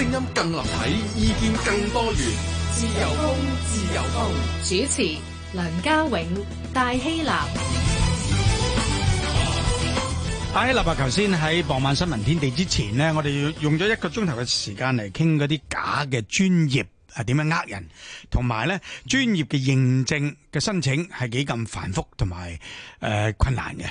聲音更立體，意見更多元。自由風，自由風。主持：梁家永、戴希立。阿希立白，頭先喺傍晚新聞天地之前呢，我哋要用咗一個鐘頭嘅時間嚟傾嗰啲假嘅專業係點樣呃人，同埋咧專業嘅認證嘅申請係幾咁繁複同埋誒困難嘅。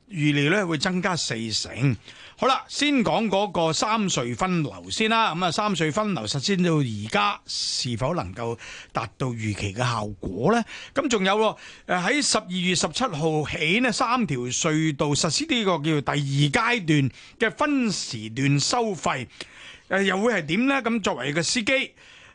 預料咧會增加四成。好啦，先講嗰個三隧分流先啦。咁啊，三隧分流實施到而家，是否能夠達到預期嘅效果呢？咁仲有喎，誒喺十二月十七號起呢，三條隧道實施呢個叫第二階段嘅分時段收費，誒又會係點呢？咁作為個司機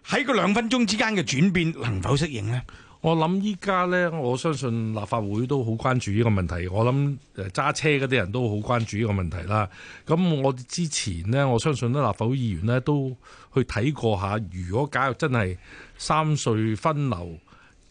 喺個兩分鐘之間嘅轉變，能否適應呢？我諗依家呢，我相信立法會都好關注呢個問題。我諗揸車嗰啲人都好關注呢個問題啦。咁我之前呢，我相信立法會議員呢都去睇過下。如果假如真係三隧分流，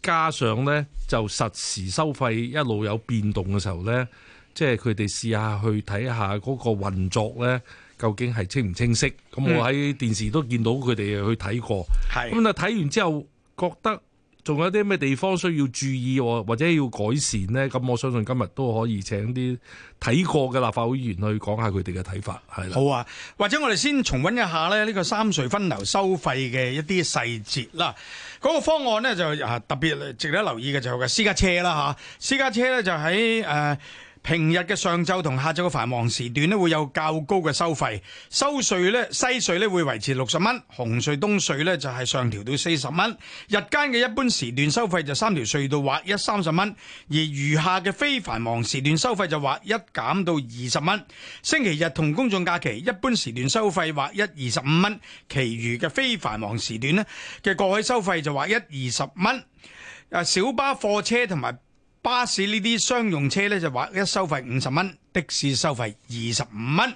加上呢就實時收費，一路有變動嘅時候呢，即係佢哋試下去睇下嗰個運作呢究竟係清唔清晰？咁我喺電視都見到佢哋去睇過。咁啊、嗯，睇完之後覺得。仲有啲咩地方需要注意或者要改善呢？咁我相信今日都可以請啲睇過嘅立法會議員去講下佢哋嘅睇法，係啦。好啊，或者我哋先重溫一下咧呢個三隧分流收費嘅一啲細節啦。嗰個方案呢，就啊特別值得留意嘅就係私家車啦嚇，私家車呢，就喺誒。平日嘅上晝同下晝嘅繁忙時段呢，會有較高嘅收費。收稅呢，西隧呢，會維持六十蚊，紅隧東隧呢，就係上調到四十蚊。日間嘅一般時段收費就三條隧道劃一三十蚊，而餘下嘅非繁忙時段收費就劃一減到二十蚊。星期日同公眾假期一般時段收費劃一二十五蚊，其餘嘅非繁忙時段呢，嘅過海收費就劃一二十蚊。啊，小巴、貨車同埋。巴士呢啲商用車呢，就話一收費五十蚊，的士收費二十五蚊。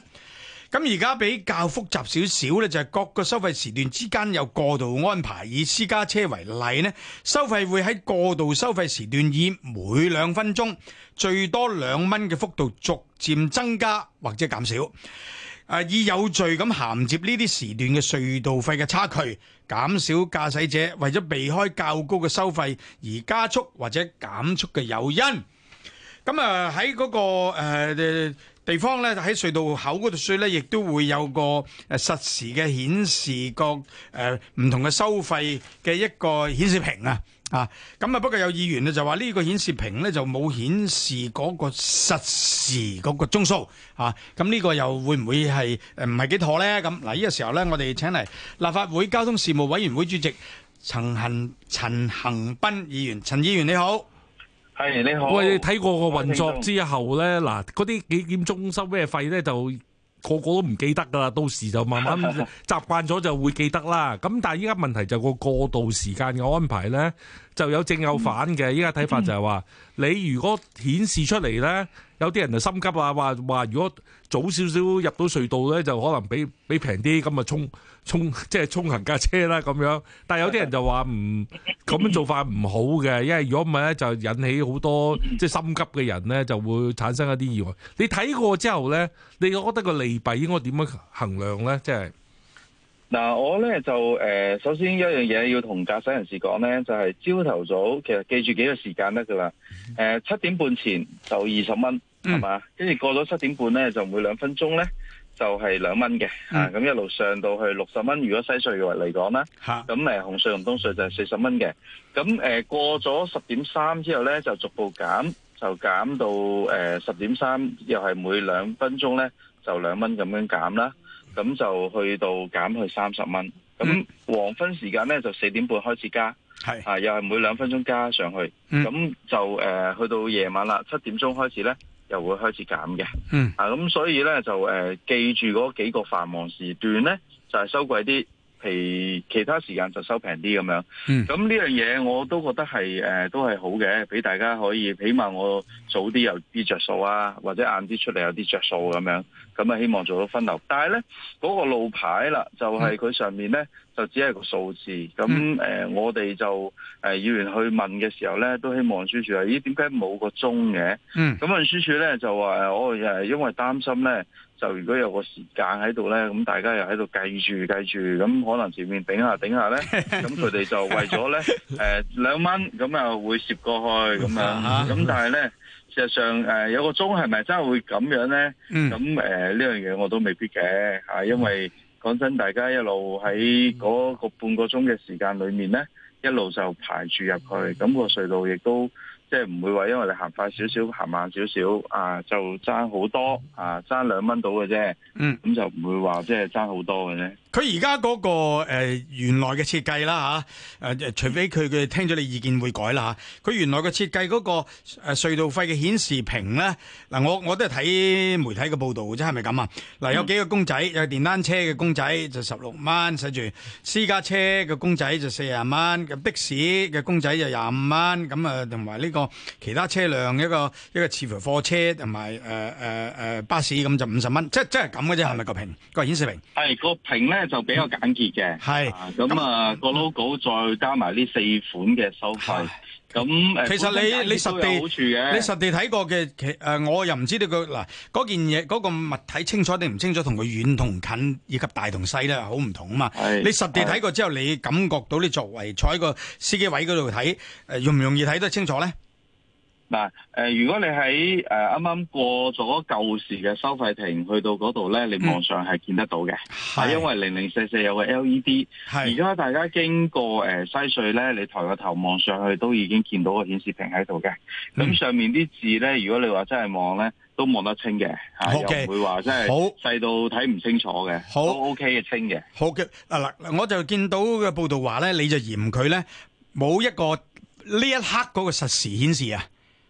咁而家比較複雜少少呢，就係各個收費時段之間有過渡安排。以私家車為例呢，收費會喺過渡收費時段以每兩分鐘最多兩蚊嘅幅度逐漸增加或者減少。誒以有序咁銜接呢啲時段嘅隧道費嘅差距，減少駕駛者為咗避開較高嘅收費而加速或者減速嘅誘因。咁啊喺嗰個、呃、地方呢喺隧道口嗰度呢，亦都會有個實時嘅顯示個誒唔同嘅收費嘅一個顯示屏啊。啊，咁啊，不過有議員咧就話呢個顯示屏咧就冇顯示嗰個實時嗰個鐘數，啊，咁呢個又會唔會係唔係幾妥咧？咁、啊、嗱，呢個時候咧，我哋請嚟立法會交通事務委員會主席陳恒陳恒鑌議員，陳議員你好，係你好。喂，睇過個運作之後咧，嗱，嗰啲檢檢中心咩費咧就？個個都唔記得噶啦，到時就慢慢習慣咗就會記得啦。咁但係依家問題就個過渡時間嘅安排呢，就有正有反嘅。依家睇法就係話。你如果顯示出嚟咧，有啲人就心急啊，話話如果早少少入到隧道咧，就可能俾俾平啲，咁啊衝，衝即係衝行架車啦咁樣。但係有啲人就話唔咁樣做法唔好嘅，因為如果唔係咧，就引起好多即係心急嘅人咧，就會產生一啲意外。你睇過之後咧，你覺得個利弊應該點樣衡量咧？即係。嗱，我咧就誒、呃，首先一樣嘢要同駕駛人士講咧，就係朝頭早，其實記住幾個時間得噶啦。誒、呃，七點半前就二十蚊，係嘛、嗯？跟住過咗七點半咧，就每兩分鐘咧就係兩蚊嘅。咁、嗯啊、一路上到去六十蚊。如果西隧嘅嚟講咧，嚇，咁、呃、誒紅隧同東隧就係四十蚊嘅。咁誒、呃、過咗十點三之後咧，就逐步減，就減到誒十點三，又係每兩分鐘咧就兩蚊咁樣減啦。咁就去到減去三十蚊，咁、嗯、黃昏時間咧就四點半開始加，係是啊又係每兩分鐘加上去，咁、嗯、就誒、呃、去到夜晚啦，七點鐘開始咧又會開始減嘅。嗯、啊咁所以咧就誒、呃、記住嗰幾個繁忙時段咧就係、是、收貴啲。其他時間就收平啲咁樣，咁呢樣嘢我都覺得係誒、呃、都係好嘅，俾大家可以起碼我早啲有啲着數啊，或者晏啲出嚟有啲着數咁樣，咁啊希望做到分流。但係咧嗰個路牌啦，就係、是、佢上面咧就只係個數字，咁誒、呃、我哋就誒、呃、議員去問嘅時候咧，都希望運輸署誒咦點解冇個鐘嘅？咁啊運輸署咧就話我誒因為擔心咧。就如果有個時間喺度咧，咁大家又喺度計住計住，咁可能前面頂下頂下咧，咁佢哋就為咗咧，誒兩蚊咁又會攝過去咁樣，咁但係咧，事實上誒、呃、有個鐘，係咪真係會咁樣咧？咁誒呢樣嘢我都未必嘅、啊、因為講、嗯、真，大家一路喺嗰個半個鐘嘅時間裏面咧，一路就排住入去，咁個隧道亦都。即係唔會話，因為你行快少少，行慢少少，啊就爭好多啊，爭兩蚊到嘅啫，咁、嗯、就唔會話即係爭好多嘅啫。佢而家嗰個誒，原來嘅設計啦，嚇，誒，除非佢佢聽咗你意見會改啦，吓，佢原來嘅設計嗰個，誒，隧道費嘅顯示屏咧，嗱、啊、我我都係睇媒體嘅報道啫係咪咁啊？嗱，嗯、有幾個公仔，有電單車嘅公仔就十六蚊寫住，私家車嘅公仔就四十蚊，的士嘅公仔就廿五蚊，咁啊同埋呢個其他車輛一個一個似乎貨車同埋誒誒誒巴士咁就五十蚊，即即係咁嘅啫，係、就、咪、是、個屏、嗯、個顯示屏？係、那個屏咧。嗯、就比較簡潔嘅，係咁啊個 logo、啊嗯、再加埋呢四款嘅收費，咁其實你你實地有好處嘅，你實地睇過嘅其，誒，我又唔知道佢嗱嗰件嘢嗰、嗰個物體清楚定唔清楚，同佢遠同近以及大同細咧好唔同啊嘛。你實地睇過之後，你感覺到你作為坐喺個司機位嗰度睇誒容唔容易睇得清楚咧？嗱、呃，如果你喺誒啱啱過咗舊時嘅收費亭，去到嗰度咧，你望上係見得到嘅，係、嗯、因為零零四四有個 L E D，係而家大家經過誒、呃、西隧咧，你抬個頭望上去都已經見到個顯示屏喺度嘅，咁、嗯、上面啲字咧，如果你話真係望咧，都望得清嘅，嚇 Okay, 又唔會話真係好細到睇唔清楚嘅，好 O K 嘅清嘅，好嘅嗱嗱，我就見到嘅報道話咧，你就嫌佢咧冇一個呢一刻嗰個實時顯示啊。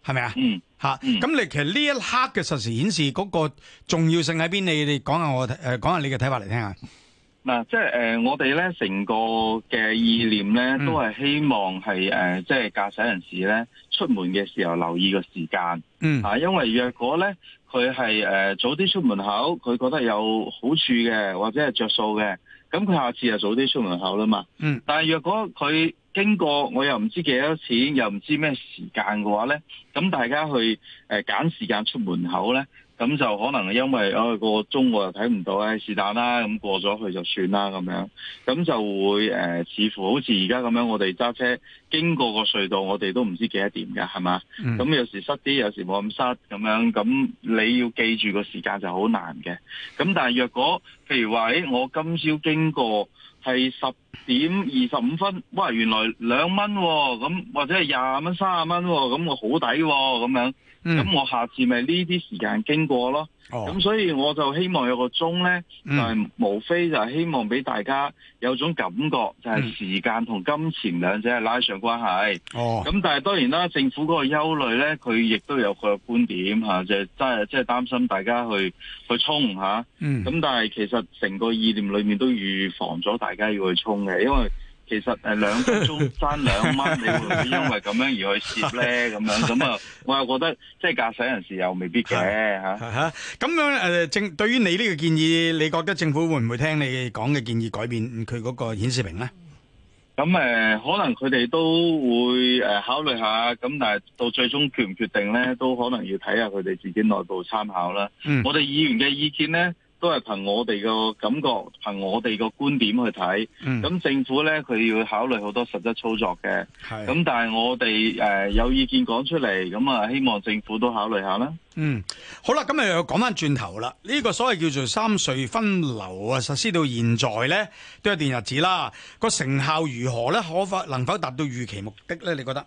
係咪啊？吓、嗯、咁、嗯、你其實呢一刻嘅實時顯示嗰個重要性喺邊？你講下、呃、講下你講下、嗯嗯呃、我誒、講下你嘅睇法嚟聽下。嗱、呃、即係誒、我哋咧成個嘅意念咧，都係希望係誒，即係駕駛人士咧出門嘅時候留意個時間。嗯、啊、因為若果咧佢係誒早啲出門口，佢覺得有好處嘅，或者係着數嘅，咁佢下次就早啲出門口啦嘛。嗯，但係若果佢。經過我又唔知幾多錢，又唔知咩時間嘅話咧，咁大家去誒揀、呃、時間出門口咧，咁就可能因為啊個鐘我又睇唔到咧，是但啦，咁、嗯、過咗去就算啦咁樣，咁就會誒、呃、似乎好似而家咁樣，我哋揸車經過個隧道，我哋都唔知幾多點嘅係嘛？咁、嗯、有時塞啲，有時冇咁塞咁樣，咁你要記住個時間就好難嘅。咁但係若果譬如話誒我今朝經過。係十點二十五分，哇！原來兩蚊喎，咁或者係廿蚊、卅蚊喎，咁我好抵，咁樣。咁、嗯、我下次咪呢啲時間經過咯，咁、哦、所以我就希望有個鐘呢，就係、嗯、無非就係希望俾大家有種感覺，就係、是、時間同金錢兩者係拉上關係。哦，咁但係當然啦，政府嗰個憂慮呢，佢亦都有佢個觀點吓、啊，就即係即係擔心大家去去衝吓。咁、啊嗯、但係其實成個意念裏面都預防咗大家要去衝嘅，因為。 其實誒，兩分鐘賺兩蚊，你會唔會因為咁樣而去蝕咧？咁 樣咁啊，我又覺得即係駕駛人士又未必嘅嚇。咁樣誒政，對於你呢個建議，你覺得政府會唔會聽你講嘅建議改變佢嗰個顯示屏咧？咁誒、呃，可能佢哋都會誒、呃、考慮下，咁但係到最終決唔決定咧，都可能要睇下佢哋自己內部參考啦。嗯、我哋議員嘅意見咧。都係憑我哋個感覺，憑我哋個觀點去睇。咁、嗯、政府呢，佢要考慮好多實質操作嘅。咁係但係我哋誒、呃、有意見講出嚟，咁啊希望政府都考慮下啦。嗯，好啦，咁啊又講返轉頭啦。呢、這個所謂叫做三隧分流啊，實施到現在呢，都有一段日子啦。那個成效如何呢？可否能否達到預期目的呢？你覺得？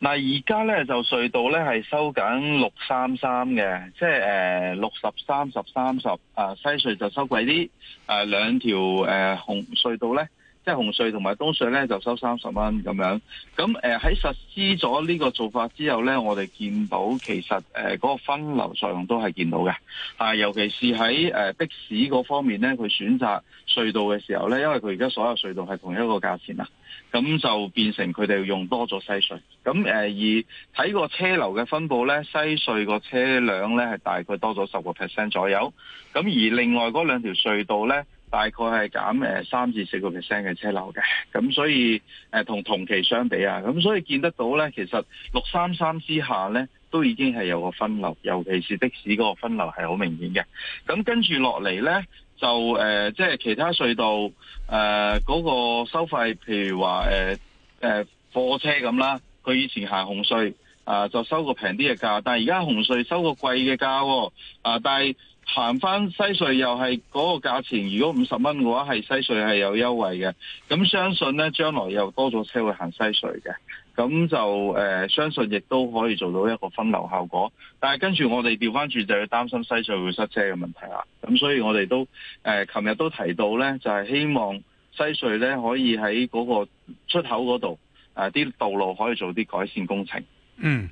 嗱，而家咧就隧道咧係收緊六三三嘅，即係誒六十三十三十啊，西隧就收貴啲，誒兩條誒紅隧道咧。即係紅隧同埋東隧咧，就收三十蚊咁樣。咁誒喺實施咗呢個做法之後咧，我哋見到其實誒嗰、呃嗰個分流作用都係見到嘅。啊，尤其是喺誒、呃、的士嗰方面咧，佢選擇隧道嘅時候咧，因為佢而家所有隧道係同一個價錢啦，咁就變成佢哋用多咗西隧。咁誒、呃、而睇個車流嘅分布咧，西隧個車輛咧係大概多咗十個 percent 左右。咁而另外嗰兩條隧道咧。大概係減誒三至四個 percent 嘅車流嘅，咁所以誒同同期相比啊，咁所以見得到咧，其實六三三之下咧都已經係有個分流，尤其是的士嗰個分流係好明顯嘅。咁跟住落嚟咧，就誒即係其他隧道誒嗰、呃那個收費，譬如話誒誒貨車咁啦，佢以前行紅隧啊就收個平啲嘅價，但係而家紅隧收個貴嘅價，啊、呃、但係。行翻西隧又係嗰個價錢，如果五十蚊嘅話，係西隧係有優惠嘅。咁相信呢，將來又多咗車會行西隧嘅，咁就誒、呃，相信亦都可以做到一個分流效果。但係跟住我哋調翻轉就要擔心西隧會塞車嘅問題啦。咁所以我哋都誒，琴、呃、日都提到呢，就係、是、希望西隧呢可以喺嗰個出口嗰度誒、啲、呃、道路可以做啲改善工程。嗯。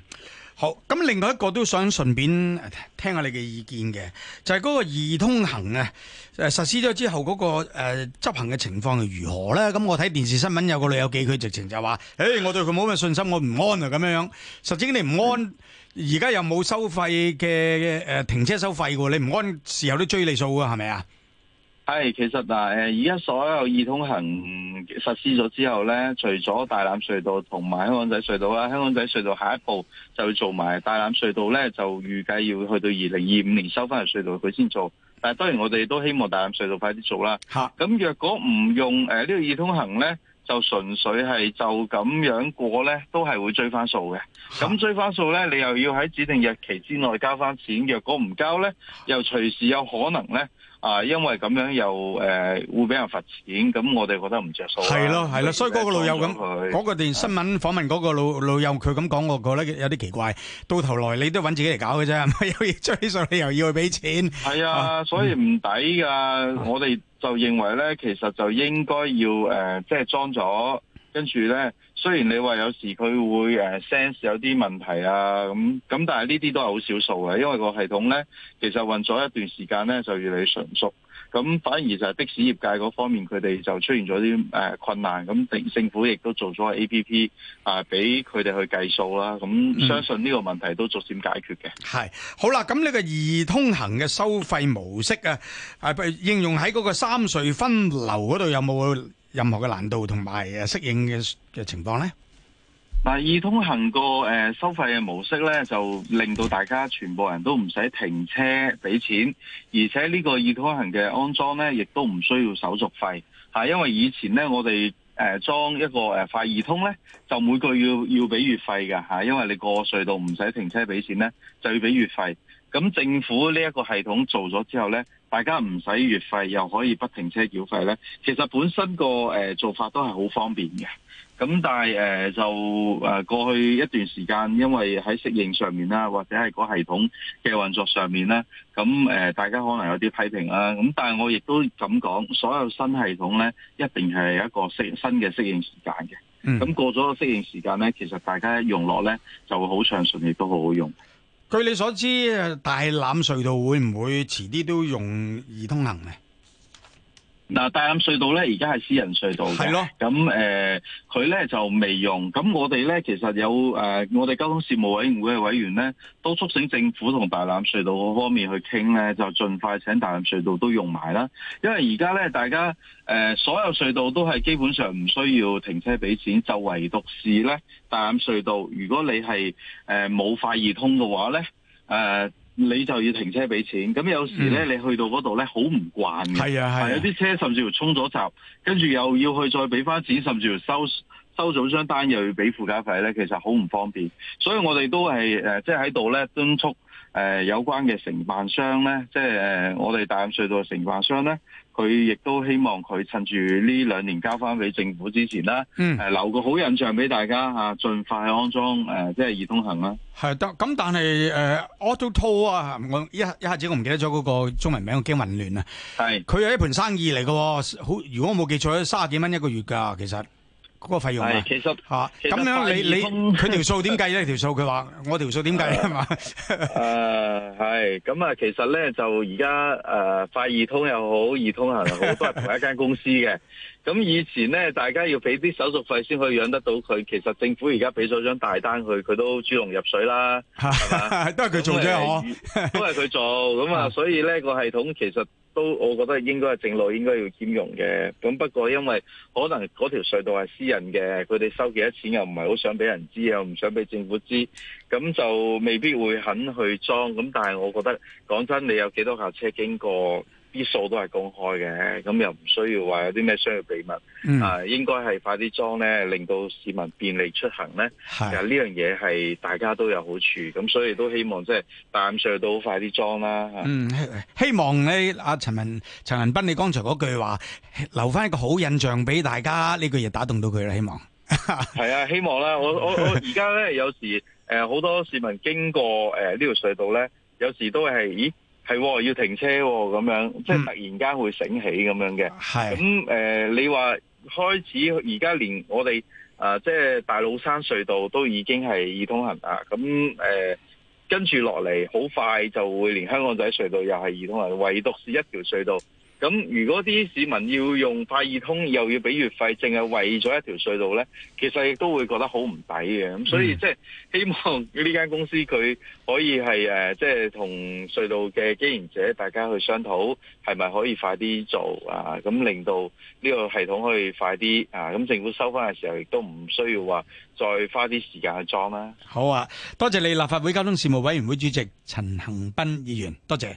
好，咁另外一個都想順便聽下你嘅意見嘅，就係、是、嗰個二通行啊，實施咗之後嗰、那個誒、呃、執行嘅情況係如何咧？咁我睇電視新聞有個女友記者直情就話，誒、hey，我對佢冇乜信心，我唔安啊，咁樣樣。實質你唔安，而家、嗯、又冇收費嘅誒、呃、停車收費㗎喎，你唔安時候都追你數㗎，係咪啊？係，其實嗱，誒、呃，而家所有易通行、嗯、實施咗之後咧，除咗大欖隧道同埋香港仔隧道啦，香港仔隧道下一步就要做埋，大欖隧道咧就預計要去到二零二五年收翻嚟，隧道佢先做。但係當然我哋都希望大欖隧道快啲做啦。吓哈，咁若果唔用誒呢、呃這個易通行咧，就純粹係就咁樣過咧，都係會追翻數嘅。咁哈追翻數咧，你又要喺指定日期之內交翻錢，若果唔交咧，又隨時有可能咧。啊，因為咁樣又誒、呃、會俾人罰錢，咁我哋覺得唔着數。係咯，係咯，所以嗰個老友咁，嗰的個電新聞訪問嗰個老老友，佢咁講，我覺得有啲奇怪。到頭來你都揾自己嚟搞嘅啫， 有嘢追上你又要去俾錢。係的啊，所以唔抵㗎。嗯、我哋就認為咧，其實就應該要誒，即係裝咗。就是跟住呢，雖然你話有時佢會 sense 有啲問題啊，咁咁，但係呢啲都係好少數嘅，因為個系統呢其實運咗一段時間呢就越嚟越純熟。咁反而就係的士業界嗰方面，佢哋就出現咗啲、呃、困難。咁政政府亦都做咗 A P P、呃、啊，俾佢哋去計數啦。咁相信呢個問題都逐漸解決嘅。係好啦，咁呢個易通行嘅收費模式啊，係、啊、應用喺嗰個三隧分流嗰度有冇？任何嘅難度同埋誒適應嘅嘅情況呢，嗱，易通行個誒收費嘅模式呢，就令到大家全部人都唔使停車俾錢，而且呢個易通行嘅安裝呢，亦都唔需要手續費吓。因為以前呢，我哋誒裝一個誒快易通呢，就每個月要俾月費噶吓，因為你過隧道唔使停車俾錢呢，就要俾月費。咁政府呢一個系統做咗之後咧，大家唔使月費又可以不停車繳費咧。其實本身個誒、呃、做法都係好方便嘅。咁但係誒、呃、就誒、呃、過去一段時間，因為喺適應上面啦，或者係個系統嘅運作上面咧，咁誒、呃、大家可能有啲批評啦。咁但係我亦都咁講，所有新系統咧一定係一個適新嘅適應時間嘅。咁過咗個適應時間咧，其實大家一用落咧就會好暢順亦都好好用。據你所知，大欖隧道會唔會遲啲都用易通行呢？嗱，大欖隧道咧，而家係私人隧道嘅，咁誒，佢咧的、呃、就未用。咁我哋咧，其實有誒、呃，我哋交通事務委員會嘅委員咧，都促請政府同大欖隧道嗰方面去傾咧，就盡快請大欖隧道都用埋啦。因為而家咧，大家誒、呃，所有隧道都係基本上唔需要停車俾錢，就唯獨是咧大欖隧道，如果你係誒冇快易通嘅話咧，誒、呃。你就要停車俾錢，咁有時咧、嗯、你去到嗰度咧好唔慣嘅。係啊係啊，有啲車甚至乎衝咗閘，跟住又要去再俾翻錢，甚至乎收收咗張單又要俾附加費咧，其實好唔方便，所以我哋都係誒即係喺度咧敦促。呃就是誒、呃，有關嘅承辦商咧，即係誒，我哋大欖隧道嘅承辦商咧，佢亦都希望佢趁住呢兩年交翻俾政府之前啦，誒、嗯呃、留個好印象俾大家吓，盡、啊、快安裝誒、呃，即係易通行啦。係得咁，但係誒、呃、AutoToll 啊，我一一下子我唔記得咗嗰個中文名，我驚混亂啊。係的，佢係一盤生意嚟噶，好，如果我冇記錯，三十幾蚊一個月噶，其實。嗰個費用啊，咁樣、啊啊、你你佢條數點計呢，條數佢話我條數點計啊嘛？係，咁、呃、啊，其實咧就而家誒快易通又好，易通行又好，都係同一間公司嘅。咁以前咧，大家要俾啲手續費先可以養得到佢。其實政府而家俾咗張大單佢，佢都豬籠入水啦，係都係佢做啫，我都係佢做。咁 啊，所以咧個系統其實。都，我覺得應該係正路應該要兼容嘅。咁不過因為可能嗰條隧道係私人嘅，佢哋收幾多錢又唔係好想俾人知，又唔想俾政府知，咁就未必會肯去裝。咁但係我覺得講真，你有幾多架車經過？啲數都係公開嘅，咁又唔需要話有啲咩商業秘密，嗯、啊，應該係快啲裝咧，令到市民便利出行咧。是其實呢樣嘢係大家都有好處，咁所以都希望即係大暗隧道快啲裝啦。嗯，希望你阿、啊、陳恒陳恒鑌，你剛才嗰句話留翻一個好印象俾大家，呢句嘢打動到佢啦。希望係啊，希望啦， 我我我而家咧有時誒好、呃、多市民經過誒呢、呃、條隧道咧，有時都係咦。係、哦、要停車咁、哦、樣，即係突然間會醒起咁樣嘅。咁誒的、呃，你話開始而家連我哋誒、呃，即係大老山隧道都已經係易通行啦咁誒，跟住落嚟，好、呃、快就會連香港仔隧道又係易通行，唯獨是一條隧道。咁如果啲市民要用快易通，又要俾月費，淨係為咗一條隧道呢，其實亦都會覺得好唔抵嘅。咁、mm. 所以即係希望呢間公司佢可以係誒即係同隧道嘅經營者大家去商討，係咪可以快啲做啊？咁令到呢個系統可以快啲啊！咁政府收翻嘅時候，亦都唔需要話再花啲時間去裝啦。好啊，多謝你，立法會交通事務委員會主席陳恒鑌議員，多謝。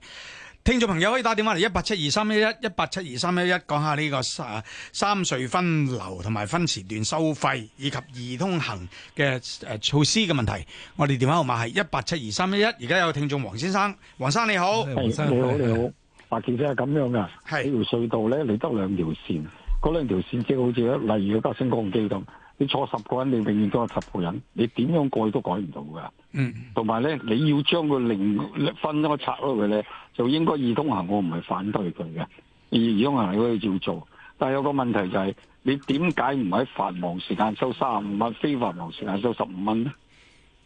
聽眾朋友可以打電話嚟一八七二三一一一八七二三一一，講下呢個三三隧分流同埋分時段收費以及二通行嘅誒、啊、措施嘅問題。我哋電話號碼係一八七二三一一。而家有聽眾黃先生，黃生你好，你好你好。白記者係咁樣噶、啊，呢條是隧道咧，你得兩條線，嗰兩條線即係好似例如佢德星光機咁。你坐十個人，你永遠都有十個人，你點樣改都改唔到噶。嗯，同埋咧，你要將佢零分咁拆開佢咧，就應該易通行，我唔係反對佢嘅。易通行可以照做，但係有個問題就係，你點解唔喺繁忙時間收三十五蚊，非繁忙時間收十五蚊咧？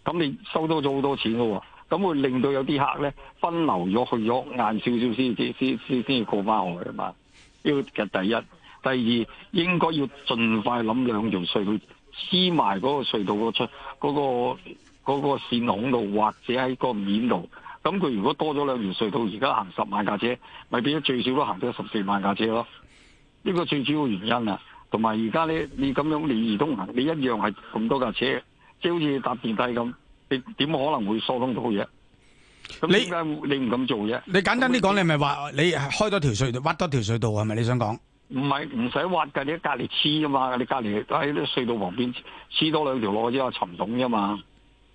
咁你收多咗好多錢噶喎，咁會令到有啲客咧分流咗去咗晏少少先先先先過翻我嘅嘛？呢個其實第一。第二應該要盡快諗兩條隧道，黐埋嗰個隧道出、嗰個出嗰、嗰個嗰線孔度，或者喺個面度。咁佢如果多咗兩條隧道，而家行十萬架車，咪變咗最少都行咗十四萬架車咯。呢、呢個最主要原因啊，同埋而家咧，你咁樣你移通行，你一樣係咁多架車，即係好似搭電梯咁，你點可能會疏通到嘢？你點解你唔敢做啫？你簡單啲講，會你咪話你開多條隧道，挖多條隧道係咪你想講？唔係唔使挖嘅，你喺隔離黐啊嘛，你隔離喺啲隧道旁邊黐多兩條路之後沉筒啫嘛。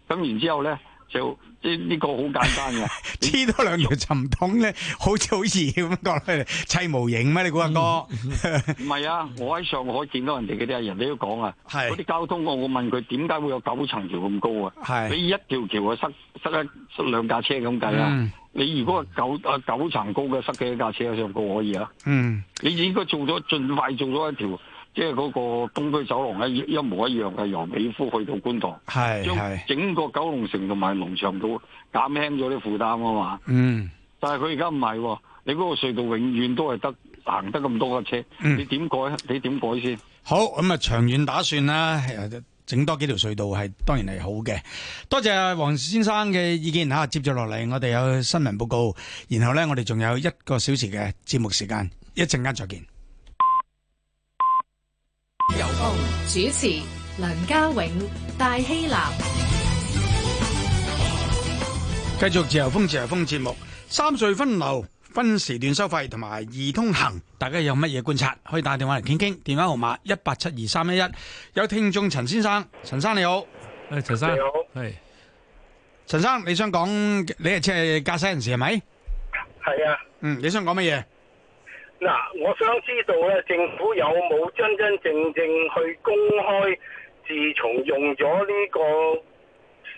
咁然之後咧就即係呢個好簡單嘅，黐 多兩條沉筒咧，好似好似咁講，砌 模型咩？你估阿、嗯、哥唔係 啊？我喺上海見到人哋嗰啲啊，人哋都講啊，嗰啲交通我我問佢點解會有九層橋咁高啊？是你一條橋啊塞塞一塞兩架車咁計啊？嗯你如果九啊九層高嘅塞一架車上去都可以啊！嗯，你應該做咗盡快做咗一條，即係嗰個東區走廊一，一模一樣嘅由美孚去到觀塘，將是整個九龍城同埋農場都減輕咗啲負擔啊嘛！嗯，但係佢而家唔係，你嗰個隧道永遠都係得行得咁多嘅車，嗯，你點改？你點改先？好，咁啊，長遠打算啦。整多幾條隧道係當然係好嘅，多謝黃先生嘅意見吓、啊，接住落嚟我哋有新聞報告，然後咧我哋仲有一個小時嘅節目時間，一陣間再見。自由風主持梁家永戴希南，繼續自由風自由風節,風節目，三隧分流。分時段收費同埋易通行，大家有乜嘢觀察？可以打電話嚟傾傾。電話號碼一八七二三一一。有聽眾陳先生，陳生你好，誒陳生你好，係陳生，你想講你係即係駕駛人士係咪？係啊，嗯，你想講乜嘢？嗱，我想知道咧，政府有冇真真正正去公開？自從用咗呢個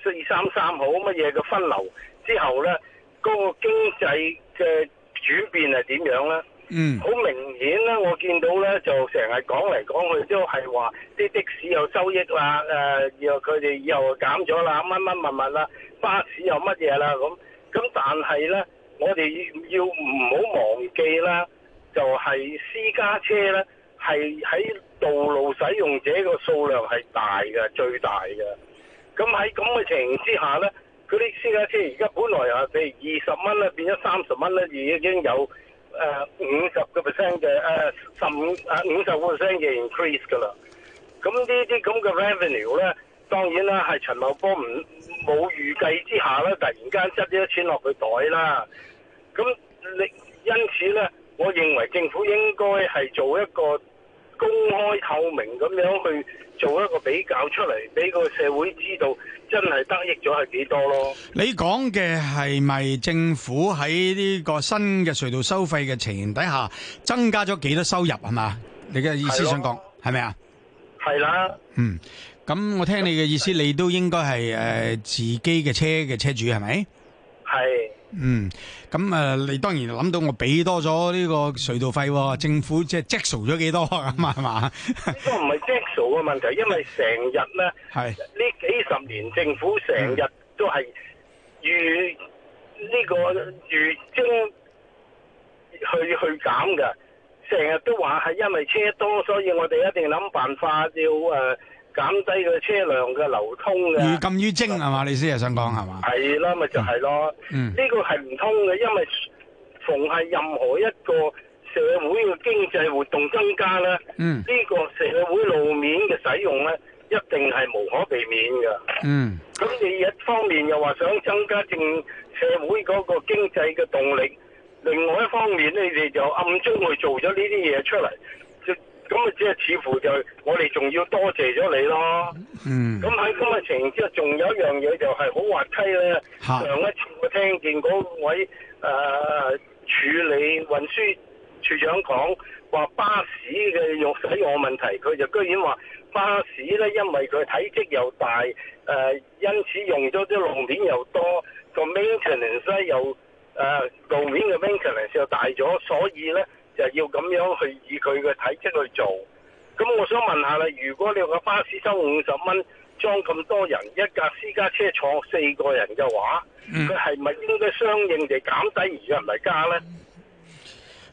四三三號乜嘢嘅分流之後咧，嗰個經濟嘅。轉變係點樣呢？嗯，好明顯咧，我見到呢就成日講嚟講去都係話啲的士有收益啦，誒、呃，又佢哋又減咗啦，乜乜物物啦，巴士又乜嘢啦，咁咁但係呢，我哋要唔好忘記啦，就係、是、私家車呢，係喺道路使用者個數量係大嘅，最大嘅。咁喺咁嘅情形之下呢。佢啲私家車而家本來啊，譬如二十蚊咧變咗三十蚊咧，已已經有誒五十個 percent 嘅誒十五啊五十個 percent 嘅 increase 噶啦。咁呢啲咁嘅 revenue 咧，當然啦，係陳茂波唔冇預計之下咧，突然間執咗錢落去袋啦。咁你因此咧，我認為政府應該係做一個。公開透明咁樣去做一個比較出嚟，俾個社會知道，真係得益咗係幾多咯。你講嘅係咪政府喺呢個新嘅隧道收費嘅情形底下，增加咗幾多收入係嘛，你嘅意思想講係咪啊？係啦。嗯，咁我聽你嘅意思，你都應該係誒自己嘅車嘅車主係咪？係。嗯，咁、嗯嗯、你當然諗到我俾多咗呢個隧道費，政府即係節數咗幾多咁啊？係嘛、嗯？ 都唔係節數嘅問題，因為成日咧，呢是幾十年政府成日都係遇呢個遇精去去減嘅，成日都話係因為車多，所以我哋一定諗辦法要、呃減低個車輛嘅流通嘅，如禁愈精係嘛？你先係想講係嘛？係啦，咪就係、是、咯。呢、嗯、個係唔通嘅，因為逢係任何一個社會嘅經濟活動增加咧，呢、嗯、個社會路面嘅使用咧，一定係無可避免嘅。嗯，咁你一方面又話想增加正社會嗰個經濟嘅動力，另外一方面咧，你哋就暗中去做咗呢啲嘢出嚟。咁啊，即係似乎就我哋仲要多謝咗你咯。嗯，咁喺今日情況之下，仲有一樣嘢就係好滑梯滑稽咧。哈上一次我聽見嗰位誒、呃、處理運輸處長講話巴士嘅用使用問題，佢就居然話巴士咧，因為佢體積又大，呃、因此用咗啲路面又多個 maintenance 又誒、呃、路面嘅 maintenance 又大咗，所以咧。就要咁樣去以佢嘅體積去做，咁我想問下啦，如果你個巴士收五十蚊，裝咁多人，一架私家車坐四個人嘅話，佢係咪應該相應地減低而唔嚟加呢？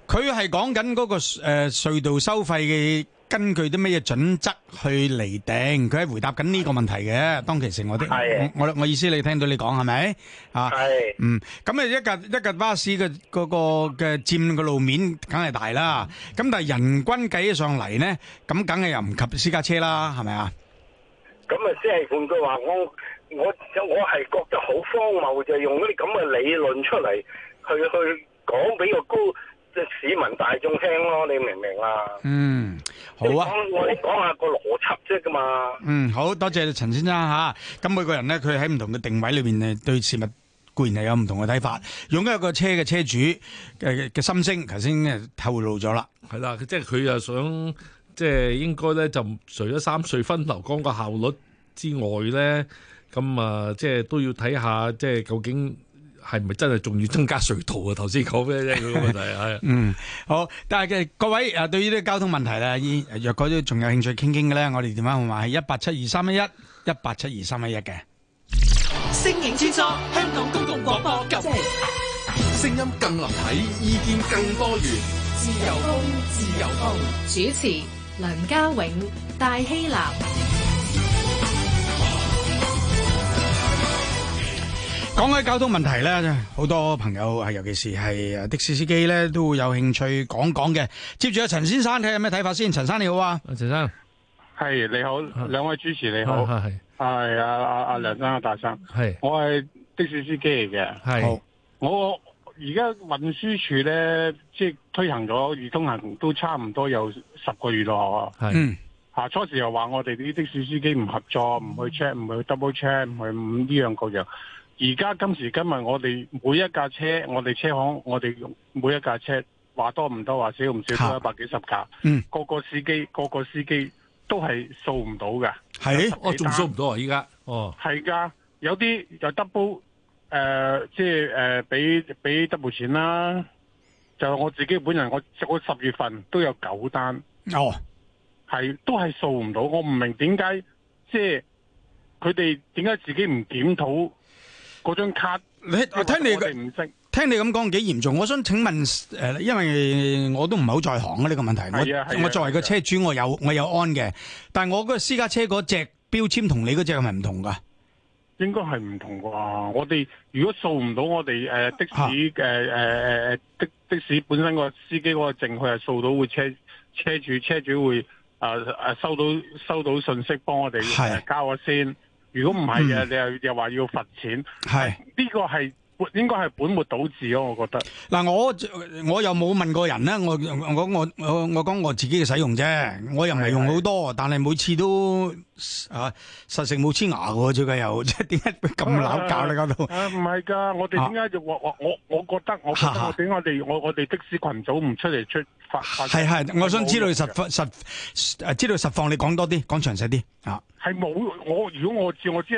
佢係講緊嗰個誒隧道收費嘅。根據啲乜嘢準則去嚟定？佢喺回答緊呢個問題嘅。當其時我啲，我我意思你聽到你講係咪？啊，係。嗯，咁啊一架一架巴士嘅嗰個嘅佔個路面梗係大啦。咁但係人均計起上嚟咧，咁梗係又唔及私家車啦，係咪啊？咁啊，即係換句話，我我我係覺得好荒謬，就係用嗰啲咁嘅理論出嚟去去講俾個高。市民大眾聽咯，你明唔明啊？嗯，好啊。我哋講下個邏輯啫嘛。嗯，好多謝陳先生吓。咁、啊、每個人咧，佢喺唔同嘅定位裏邊，誒，對事物固然係有唔同嘅睇法。用緊個車嘅車主嘅嘅，呃、心聲，頭先透露咗啦。係啦，即係佢又想，即係應該咧，就除咗三隧分流江個效率之外咧，咁啊、呃，即係都要睇下，即係究竟。係咪真係仲要增加隧道啊？頭先講咩啫？嗰個問題係 嗯，好，但係嘅各位，誒，對於啲交通問題咧，若果都仲有興趣傾傾嘅咧，我哋電話號碼係一八七二三一一一八七二三一一嘅。聲影穿梭香港公共廣播，更聲音更立體，意見更多元，自由風，自由風，主持梁家永、戴希南。講起交通問題咧，好多朋友係，尤其是係的士司機咧，都會有興趣講講嘅。接住阿陳先生睇下有咩睇法先。陳生你好啊，陳、啊、生係你好，兩位主持你好，係係阿阿梁生阿大生係，是我係的士司機嚟嘅。係是，我而家運輸署咧即係推行咗易通行都差唔多有十個月咯。係是。嗯，下初時又話我哋啲的士司機唔合作，唔去 check，唔去 double check，唔去呢樣各樣。而家今時今日，我哋每一架車，我哋車行，我哋每一架車，話多唔多，話少唔少，都一百幾十架。嗯，個個司機，個個司機都係掃唔到嘅。係是，我仲掃唔到啊！依家哦，係噶，有啲又 double，誒、呃，即係誒，俾、呃、俾 double 錢啦。就我自己本人，我我十月份都有九單。哦，係都係掃唔到，我唔明點解，即係佢哋點解自己唔檢討。張卡，你我聽你唔識，聽你咁講幾嚴重。我想請問，誒、呃，因為我都唔係好在行啊呢、這個問題。啊、我、啊、我作為一個車主，我有我有安嘅，但係我嗰私家車嗰隻標籤同你嗰隻係咪唔同噶應該係唔同啩？我哋如果掃唔到我，我哋誒的士嘅誒誒的的士本身個司機嗰個證，佢係掃到會車車主，車主會誒誒、呃、收到收到信息幫我，幫我哋交咗先。如果唔係嘅，嗯、你又又話要罰錢，係呢是個係。應該係本末倒置咯，我覺得。嗱，我我又冇問過人咧，我我我我講我自己嘅使用啫，我又唔係用好多，但係每次都啊實食冇黐牙嘅，最近又即係點解咁難搞你搞到？啊，唔係㗎，我哋點解就話話我我覺得我發過俾我哋我我哋的士羣組唔出嚟出發。係係，我想知道實實誒知道實況，你講多啲，講詳細啲啊。係冇，我如果我知我知。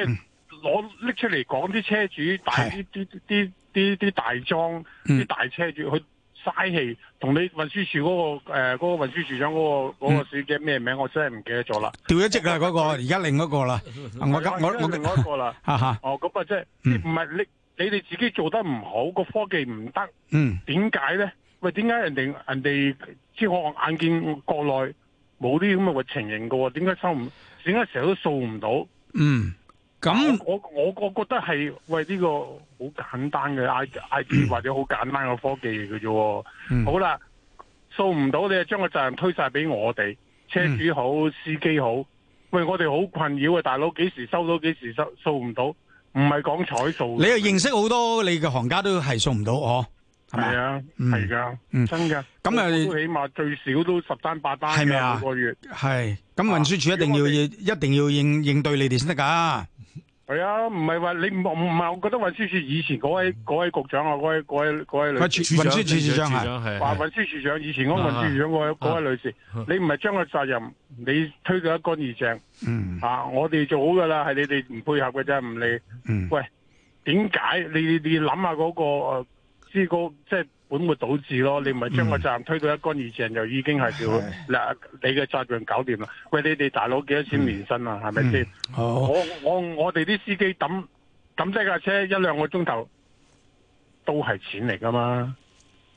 攞拎出嚟講，啲車主大啲啲啲啲啲大裝，啲大車主去嘥氣，同你運輸處嗰個誒，嗰個運輸處長嗰個嗰個小姐咩名？我真係唔記得咗啦。調咗職啊，嗰個而家另一個啦。我我我另一個啦。吓吓哦，咁啊，即係唔係你你哋自己做得唔好，個科技唔得。嗯。點解咧？喂，點解人哋人哋即係我眼見國內冇啲咁嘅情形噶？點解收唔？點解成日都掃唔到？嗯。咁我我我覺得係為呢個好簡單嘅 idea 或者好簡單嘅科技嚟嘅啫。好啦，掃唔到你就將個責任推晒俾我哋，車主好，司機好，喂，我哋好困擾啊，大佬幾時收到幾時收，掃唔到，唔係講彩數，你又認識好多你嘅行家都係掃唔到，嗬，係咪啊？係噶，真噶，咁啊，都起碼最少都十單八單，係咪啊？個月係，咁運輸處一定要要一定要應應對你哋先得噶係啊，唔係話你唔唔係，我覺得運輸處以前嗰位嗰位局長啊，嗰位嗰位嗰位女，運輸處長係，話運輸處長以前嗰個運輸處長嗰嗰位女士，啊、書你唔係將個責任你推到一乾二淨，吓、嗯啊、我哋做好噶啦，係你哋唔配合嘅啫，唔理。嗯，喂，點解你你諗下嗰個誒？呃知個即係本末倒置咯，你唔係將個責任推到一乾二淨，就已經係叫嗱你嘅責任搞掂啦。喂，你哋大佬幾多錢年薪啊？係咪先？我我我哋啲司機抌抌低架車一兩個鐘頭都係錢嚟噶嘛，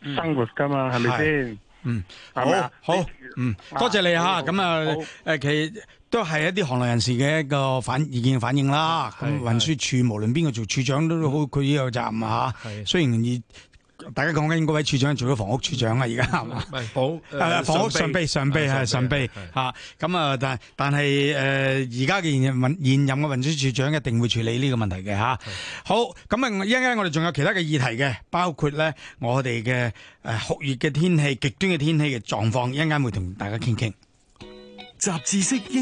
生活噶嘛，係咪先？嗯，咪？好，嗯，多謝你吓，咁啊，誒其。都係一啲行內人士嘅一個反意見反應啦。咁運輸處無論邊個做處長都好，佢有責任吓。雖然而大家講緊嗰位處長做咗房屋處長啦，而家係咪？好，房屋上備上備上備咁啊，是是但但係誒，而家嘅現任嘅運輸處長一定會處理呢個問題嘅吓是、啊。好，咁啊，一陣間我哋仲有其他嘅議題嘅，包括咧我哋嘅誒酷熱嘅天氣、極端嘅天氣嘅狀況，一陣間會同大家傾傾。雜、嗯、誌式。